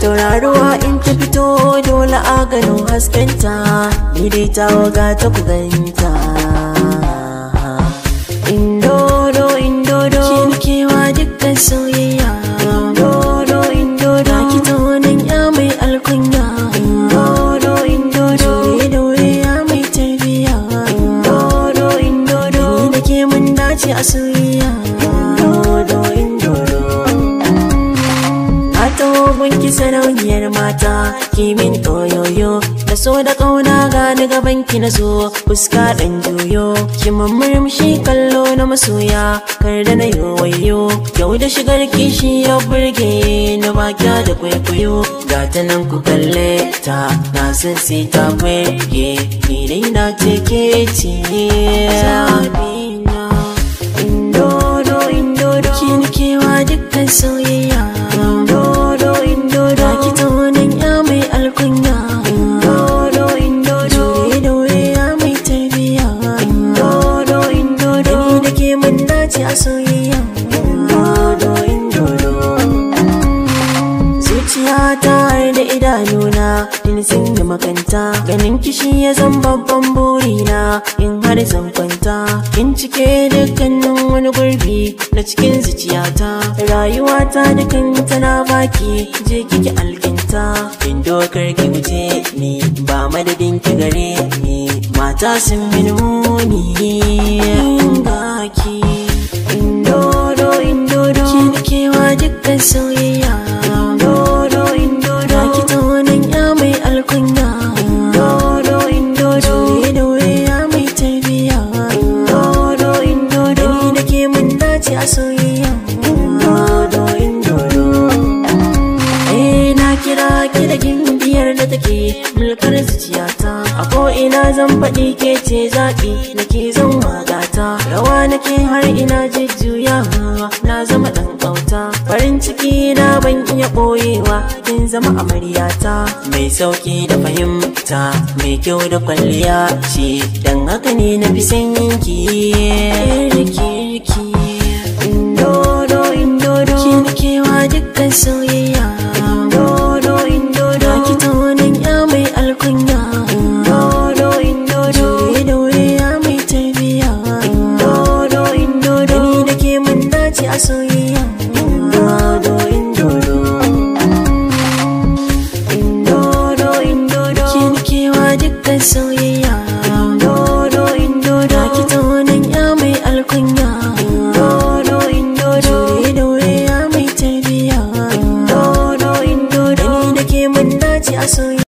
tauraruwa in ta fito dole a ganin haskenta ni dai ta waga ta kudanta yar mata kimin oyoyo da so da kauna ni gaban ki na so fuska dan juyo ki mamurmushi kallo na masoya kar da na wayo? yau da shigar kishi ya burge na kya da kwaikwayo ga ta nan ku kalle ta na sisi sai ta burge ni dai na take ci? zuciya ta da idanuna din sun yi makanta ganin kishi ya zan babban burina in har zan kwanta in cike dukkanin wani gurbi na cikin zuciyata rayuwata kanta tana baki je kike alkinta in dokar ki wuce ni ba madadin ki gare ni mata sun mini muni ina zan faɗi ke ce zaɓi nake zan wagata rawa nake har ina hawa na zama ɗan ƙauta farin ciki na ban iya ɓoyewa kin zama amaryata mai sauƙi da fahimta mai kyau da kwalliya ce don haka ne na fi sanyin ki